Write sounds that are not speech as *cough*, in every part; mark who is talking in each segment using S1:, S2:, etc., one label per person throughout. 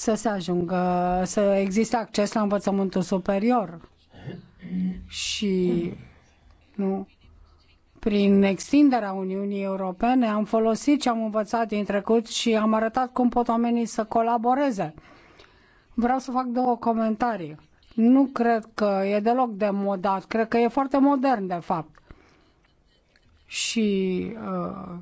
S1: să se ajungă, să existe acces la învățământul superior și nu prin extinderea Uniunii Europene am folosit ce am învățat din trecut și am arătat cum pot oamenii să colaboreze. Vreau să fac două comentarii. Nu cred că e deloc modat. cred că e foarte modern de fapt. Și uh,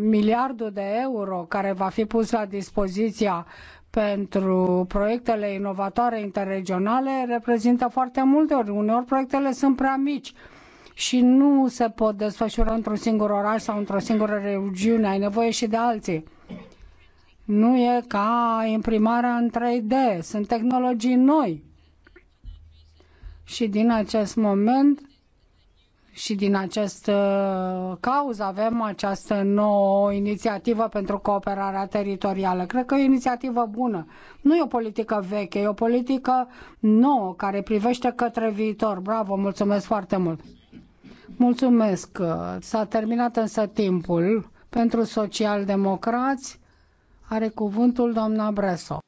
S1: miliardul de euro care va fi pus la dispoziția pentru proiectele inovatoare interregionale reprezintă foarte multe ori. Uneori proiectele sunt prea mici și nu se pot desfășura într-un singur oraș sau într-o singură regiune. Ai nevoie și de alții. Nu e ca imprimarea în 3D. Sunt tehnologii noi. Și din acest moment și din această cauză avem această nouă inițiativă pentru cooperarea teritorială. Cred că e o inițiativă bună. Nu e o politică veche, e o politică nouă care privește către viitor. Bravo, mulțumesc foarte mult! Mulțumesc! S-a terminat însă timpul pentru socialdemocrați. Are cuvântul doamna
S2: Breso.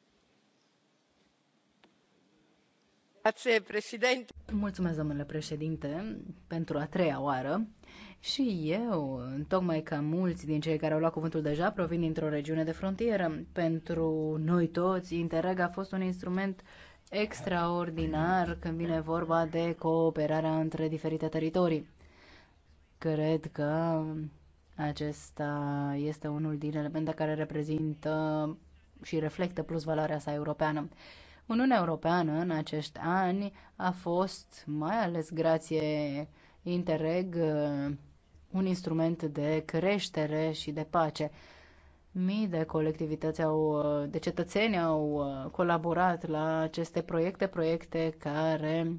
S2: Mulțumesc, domnule președinte, pentru a treia oară. Și eu, tocmai ca mulți din cei care au luat cuvântul deja, provin dintr-o regiune de frontieră. Pentru noi toți, Interreg a fost un instrument extraordinar când vine vorba de cooperarea între diferite teritorii. Cred că acesta este unul din elemente care reprezintă și reflectă plus valoarea sa europeană. Uniunea Europeană în acești ani a fost, mai ales grație Interreg, un instrument de creștere și de pace. Mii de colectivități au, de cetățeni au colaborat la aceste proiecte, proiecte care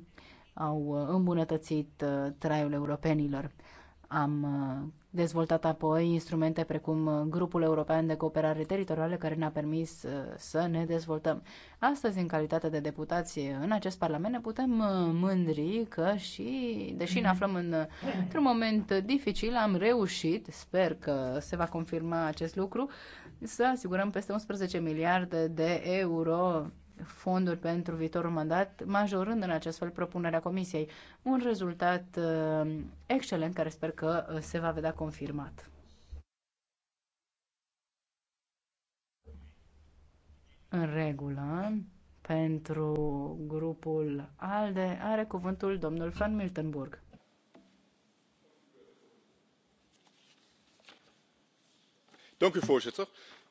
S2: au îmbunătățit uh, traiul europenilor. Am uh, dezvoltat apoi instrumente precum uh, Grupul European de Cooperare Teritorială, care ne-a permis uh, să ne dezvoltăm. Astăzi, în calitate de deputați în acest Parlament, ne putem mândri că și, deși ne mhm. aflăm în, într-un moment dificil, am reușit, sper că se va confirma acest lucru, să asigurăm peste 11 miliarde de euro fonduri pentru viitorul mandat, majorând în acest fel propunerea Comisiei. Un rezultat uh, excelent care sper că uh, se va vedea confirmat. În regulă, pentru grupul ALDE are cuvântul domnul Van Miltenburg.
S3: Dank u, voorzitter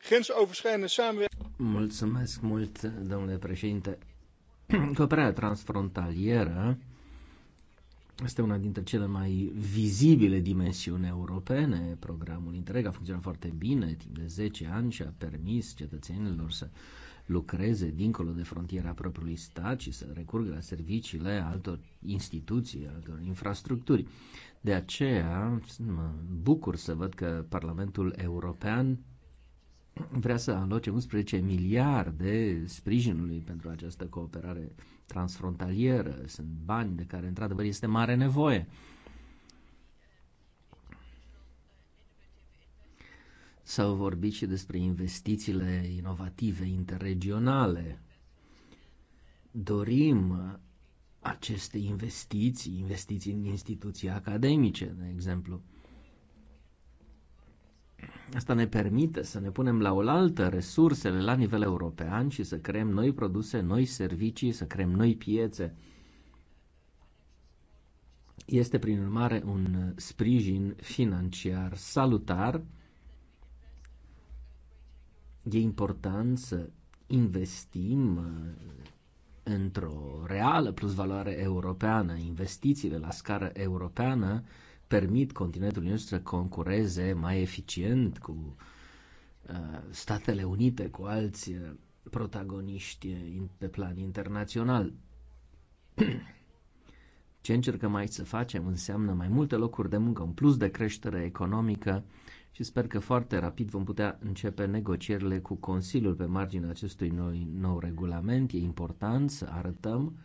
S3: grensoverschrijdende samenwerking. Mulțumesc mult, domnule președinte. *clears throat* Cooperarea transfrontalieră este una dintre cele mai vizibile dimensiuni europene. Programul întreg a funcționat foarte bine timp de 10 ani și a permis cetățenilor să lucreze dincolo de frontiera propriului stat și să recurgă la serviciile altor instituții, altor infrastructuri. De aceea mă bucur să văd că Parlamentul European vrea să aloce 11 miliarde sprijinului pentru această cooperare transfrontalieră. Sunt bani de care, într-adevăr, este mare nevoie. S-au vorbit și despre investițiile inovative interregionale. Dorim aceste investiții, investiții în instituții academice, de exemplu. Asta ne permite să ne punem la oaltă resursele la nivel european și să creăm noi produse, noi servicii, să creăm noi piețe. Este, prin urmare, un sprijin financiar salutar. E important să investim uh, într-o reală plusvaloare europeană, investițiile la scară europeană permit continentului nostru să concureze mai eficient cu uh, Statele Unite, cu alți uh, protagoniști uh, pe plan internațional. *clears throat* Ce încercăm aici să facem înseamnă mai multe locuri de muncă, un plus de creștere economică și sper că foarte rapid vom putea începe negocierile cu Consiliul pe marginea acestui nou, nou regulament. E important să arătăm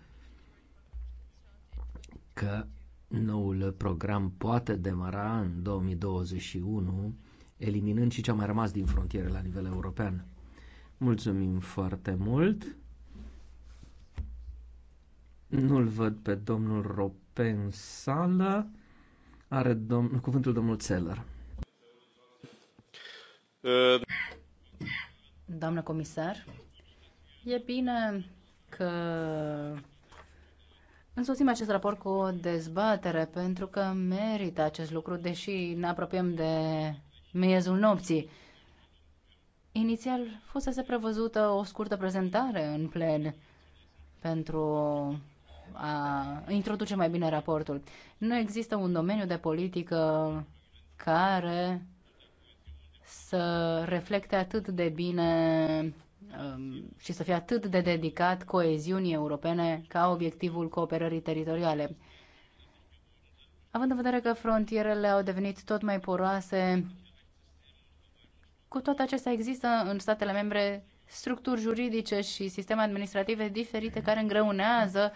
S3: că Noul program poate demara în 2021, eliminând și ce a mai rămas din frontiere la nivel european. Mulțumim foarte mult! Nu-l văd pe domnul Rope în sală. Are dom- cuvântul domnul Țeller.
S2: Doamnă comisar, e bine că Însoțim acest raport cu o dezbatere pentru că merită acest lucru, deși ne apropiem de miezul nopții. Inițial fusese prevăzută o scurtă prezentare în plen pentru a introduce mai bine raportul. Nu există un domeniu de politică care să reflecte atât de bine Um, și să fie atât de dedicat coeziunii europene ca obiectivul cooperării teritoriale. Având în vedere că frontierele au devenit tot mai poroase, cu toate acestea există în statele membre structuri juridice și sisteme administrative diferite care îngreunează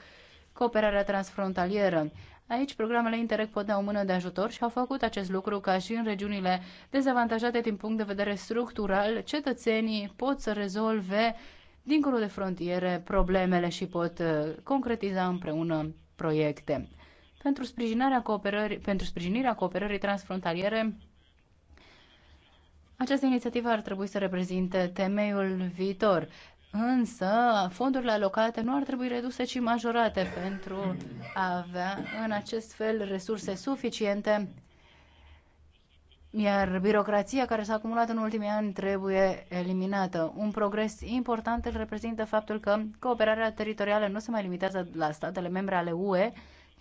S2: cooperarea transfrontalieră. Aici, programele Interreg pot da o mână de ajutor și au făcut acest lucru ca și în regiunile dezavantajate din punct de vedere structural, cetățenii pot să rezolve dincolo de frontiere problemele și pot uh, concretiza împreună proiecte. Pentru, sprijinirea cooperării, pentru sprijinirea cooperării transfrontaliere, această inițiativă ar trebui să reprezinte temeiul viitor. Însă, fondurile alocate nu ar trebui reduse, ci majorate pentru a avea în acest fel resurse suficiente, iar birocrația care s-a acumulat în ultimii ani trebuie eliminată. Un progres important îl reprezintă faptul că cooperarea teritorială nu se mai limitează la statele membre ale UE,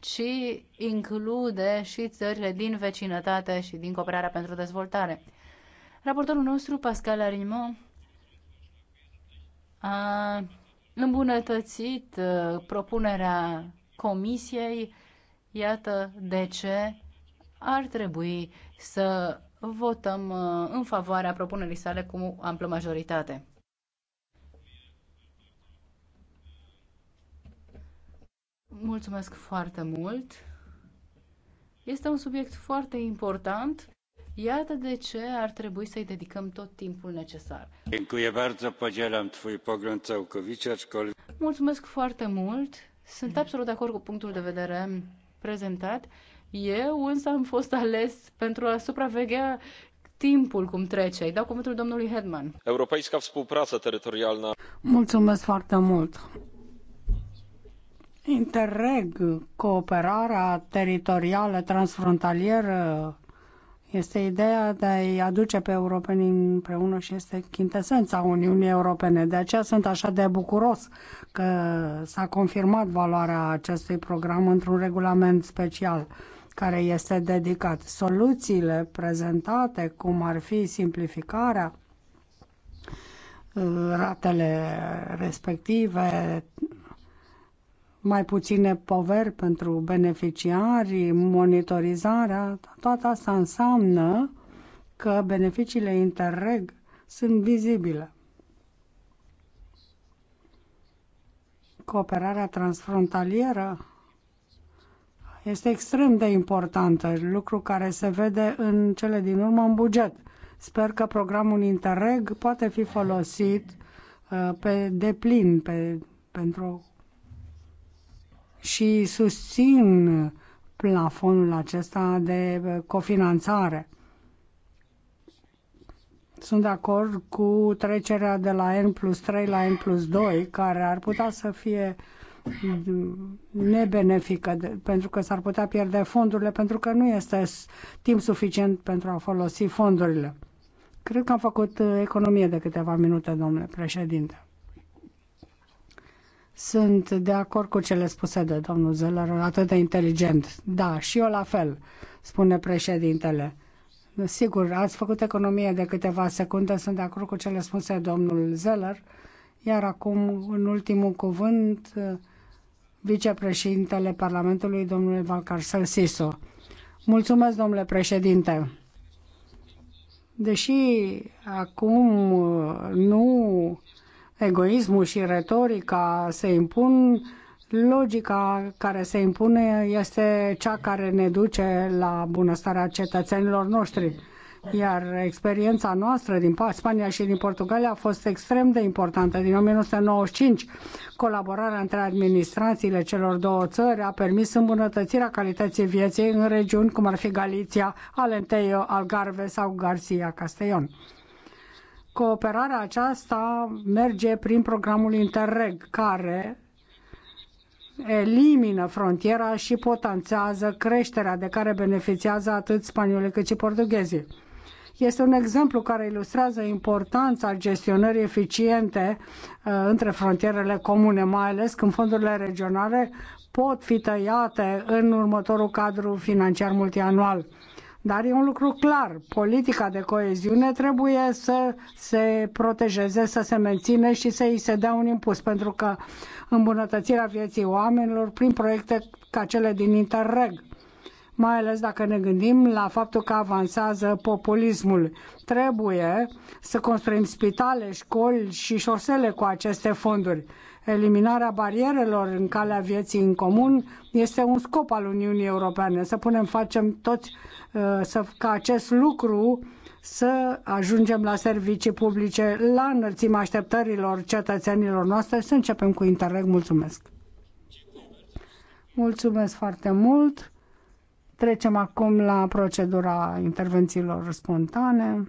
S2: ci include și țările din vecinătate și din cooperarea pentru dezvoltare. Raportorul nostru, Pascal Arimont, a îmbunătățit uh, propunerea comisiei. Iată de ce ar trebui să votăm uh, în favoarea propunerii sale cu amplă majoritate. Mulțumesc foarte mult. Este un subiect foarte important Iată de ce ar trebui să-i dedicăm tot timpul necesar. Mulțumesc foarte mult. Sunt absolut de acord cu punctul de vedere prezentat. Eu însă am fost ales pentru a supraveghea timpul cum trece. Îi dau cuvântul domnului Hedman.
S3: Europeiska współpraca
S2: Mulțumesc foarte mult. Interreg,
S1: cooperarea teritorială transfrontalieră este ideea de a-i aduce pe europeni împreună și este chintesența Uniunii Europene. De aceea sunt așa de bucuros că s-a confirmat valoarea acestui program într-un regulament special care este dedicat. Soluțiile prezentate, cum ar fi simplificarea, uh, ratele respective, mai puține poveri pentru beneficiari, monitorizarea, toată asta înseamnă că beneficiile Interreg sunt vizibile. Cooperarea transfrontalieră este extrem de importantă, lucru care se vede în cele din urmă în buget. Sper că programul Interreg poate fi folosit uh, pe deplin pe, pentru și susțin plafonul acesta de cofinanțare. Sunt de acord cu trecerea de la N plus 3 la N plus 2, care ar putea să fie nebenefică, pentru că s-ar putea pierde fondurile, pentru că nu este timp suficient pentru a folosi fondurile. Cred că am făcut uh, economie de câteva minute, domnule președinte. Sunt de acord cu cele spuse de domnul Zeller, atât de inteligent. Da, și eu la fel, spune președintele. Sigur, ați făcut economie de câteva secunde, sunt de acord cu cele spuse de domnul Zeller. Iar acum, în ultimul cuvânt, vicepreședintele Parlamentului, domnul Valcarcel Siso. Mulțumesc, domnule președinte. Deși acum nu egoismul și retorica se impun, logica care se impune este cea care ne duce la bunăstarea cetățenilor noștri. Iar experiența noastră din Spania și din Portugalia a fost extrem de importantă. Din 1995, colaborarea între administrațiile celor două țări a permis îmbunătățirea calității vieții în regiuni cum ar fi Galicia, Alenteio, Algarve sau Garcia Castellon. Cooperarea aceasta merge prin programul Interreg, care elimină frontiera și potențează creșterea de care beneficiază atât spaniolii cât și portughezii. Este un exemplu care ilustrează importanța gestionării eficiente uh, între frontierele comune, mai ales când fondurile regionale pot fi tăiate în următorul cadru financiar multianual. Dar e un lucru clar, politica de coeziune trebuie să se protejeze, să se menține și să îi se dea un impuls, pentru că îmbunătățirea vieții oamenilor prin proiecte ca cele din Interreg mai ales dacă ne gândim la faptul că avansează populismul. Trebuie să construim spitale, școli și șosele cu aceste fonduri. Eliminarea barierelor în calea vieții în comun este un scop al Uniunii Europene. Să punem, facem toți uh, să, ca acest lucru să ajungem la servicii publice la înălțimea așteptărilor cetățenilor noastre. Să începem cu Interreg. Mulțumesc! Mulțumesc foarte mult! Trecem acum la procedura intervențiilor spontane.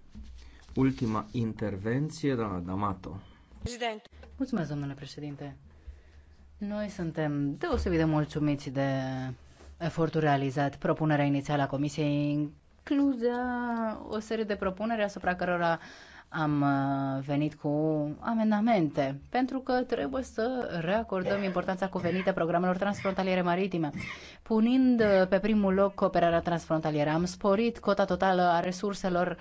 S3: Ultima intervenție, doamna D'Amato.
S4: Prezident.
S2: Mulțumesc, domnule președinte. Noi suntem deosebit de mulțumiți de efortul realizat. Propunerea inițială a Comisiei includea o serie de propuneri asupra cărora am uh, venit cu amendamente, pentru că trebuie să reacordăm importanța cuvenită programelor transfrontaliere maritime. Punind uh, pe primul loc cooperarea transfrontalieră, am sporit cota totală a resurselor uh,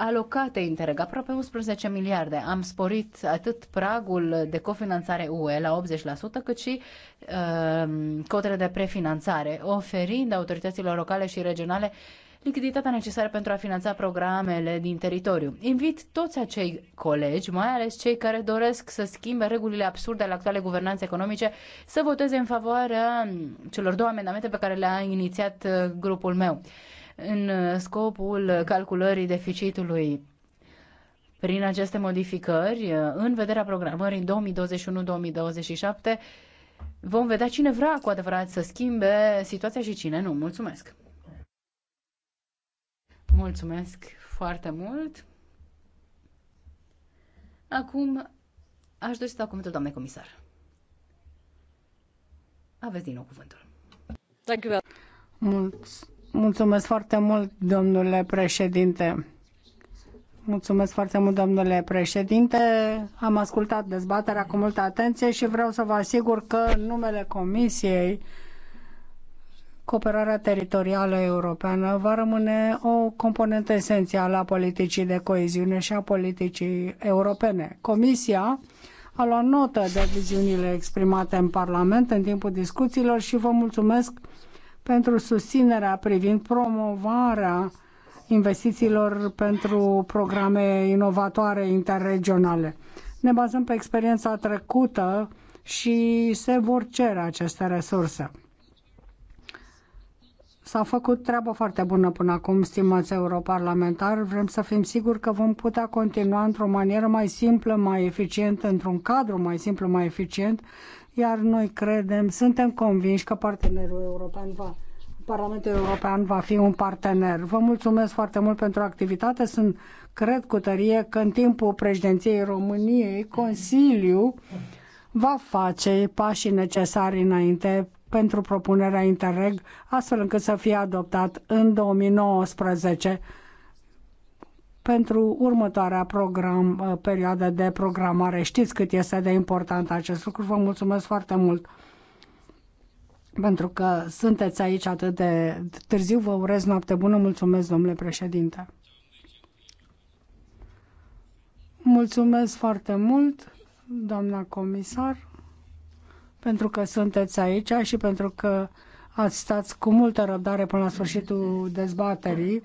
S2: alocate Interreg, aproape 11 miliarde. Am sporit atât pragul de cofinanțare UE la 80%, cât și uh, cotele de prefinanțare, oferind autorităților locale și regionale lichiditatea necesară pentru a finanța programele din teritoriu. Invit toți acei colegi, mai ales cei care doresc să schimbe regulile absurde ale actuale guvernanțe economice, să voteze în favoarea mm, celor două amendamente pe care le-a inițiat uh, grupul meu în uh, scopul calculării deficitului. Prin aceste modificări, uh, în vederea programării 2021-2027, vom vedea cine vrea cu adevărat să schimbe situația și cine nu. Mulțumesc! Mulțumesc foarte mult! Acum aș dori să dau cuvântul, doamnei comisar. Aveți din nou cuvântul.
S1: Mulțumesc! Mulțumesc foarte mult, domnule președinte. Mulțumesc foarte mult, domnule președinte. Am ascultat dezbaterea cu multă atenție și vreau să vă asigur că în numele Comisiei Cooperarea teritorială europeană va rămâne o componentă esențială a politicii de coeziune și a politicii europene. Comisia a luat notă de viziunile exprimate în Parlament în timpul discuțiilor și vă mulțumesc pentru susținerea privind promovarea investițiilor pentru programe inovatoare interregionale. Ne bazăm pe experiența trecută și se vor cere aceste resurse. S-a făcut treabă foarte bună până acum, stimați europarlamentari. Vrem să fim siguri că vom putea continua într-o manieră mai simplă, mai eficientă, într-un cadru mai simplu, mai eficient iar noi credem, suntem convinși că partenerul european va Parlamentul European va fi un partener. Vă mulțumesc foarte mult pentru activitate. Sunt, cred cu tărie, că în timpul președinției României, Consiliul va face pașii necesari înainte pentru propunerea Interreg, astfel încât să fie adoptat în 2019 pentru următoarea program, uh, perioadă de programare. Știți cât este de important acest lucru. Vă mulțumesc foarte mult pentru că sunteți aici atât de târziu. Vă urez noapte bună. Mulțumesc, domnule președinte. Mulțumesc foarte mult, doamna comisar, pentru că sunteți aici și pentru că ați stat cu multă răbdare până la sfârșitul dezbaterii.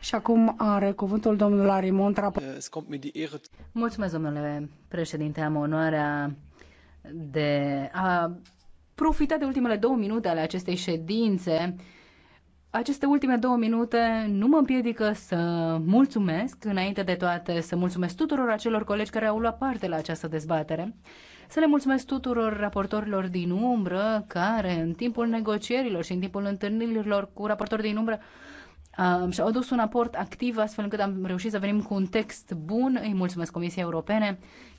S1: Și acum are cuvântul domnul Arimont.
S2: Eh, mulțumesc, domnule președinte. Am onoarea de a profita de ultimele două minute ale acestei ședințe aceste ultime două minute nu mă împiedică să mulțumesc, înainte de toate, să mulțumesc tuturor acelor colegi care au luat parte la această dezbatere, să le mulțumesc tuturor raportorilor din umbră care, în timpul negocierilor și în timpul întâlnirilor cu raportori din umbră, Um, și au adus un aport activ astfel încât am reușit să venim cu un text bun. Îi mulțumesc Comisiei Europene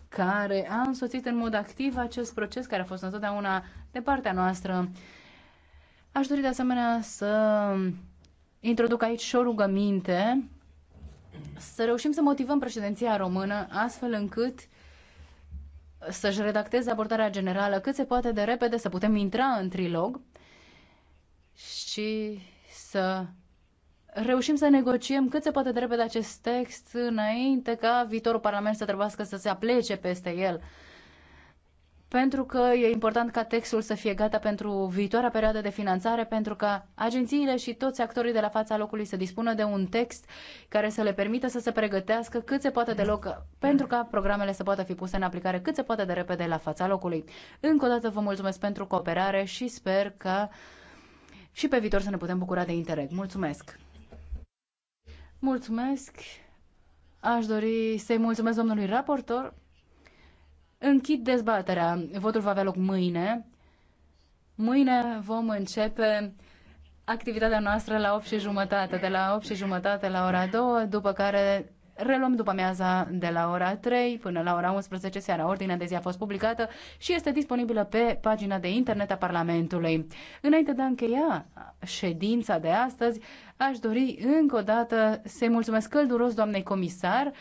S2: care a însoțit în mod activ acest proces care a fost întotdeauna de partea noastră. Aș dori de asemenea să introduc aici și o rugăminte să reușim să motivăm președinția română astfel încât să-și redacteze abordarea generală cât se poate de repede, să putem intra în trilog și să reușim să negociem cât se poate de repede acest text înainte ca viitorul Parlament să trebuiască să se aplece peste el. Pentru că e important ca textul să fie gata pentru viitoarea perioadă de finanțare, pentru ca agențiile și toți actorii de la fața locului să dispună de un text care să le permită să se pregătească cât se poate de loc, pentru ca programele să poată fi puse în aplicare cât se poate de repede la fața locului. Încă o dată vă mulțumesc pentru cooperare și sper că și pe viitor să ne putem bucura de interreg. Mulțumesc! Mulțumesc. Aș dori să-i mulțumesc domnului raportor. Închid dezbaterea. Votul va avea loc mâine. Mâine vom începe activitatea noastră la 8 și jumătate, de la 8 și jumătate la ora 2, după care Reluăm după amiaza de la ora 3 până la ora 11 seara. Ordinea de zi a fost publicată și este disponibilă pe pagina de internet a Parlamentului. Înainte de a încheia ședința de astăzi, aș dori încă o dată să-i mulțumesc călduros doamnei comisar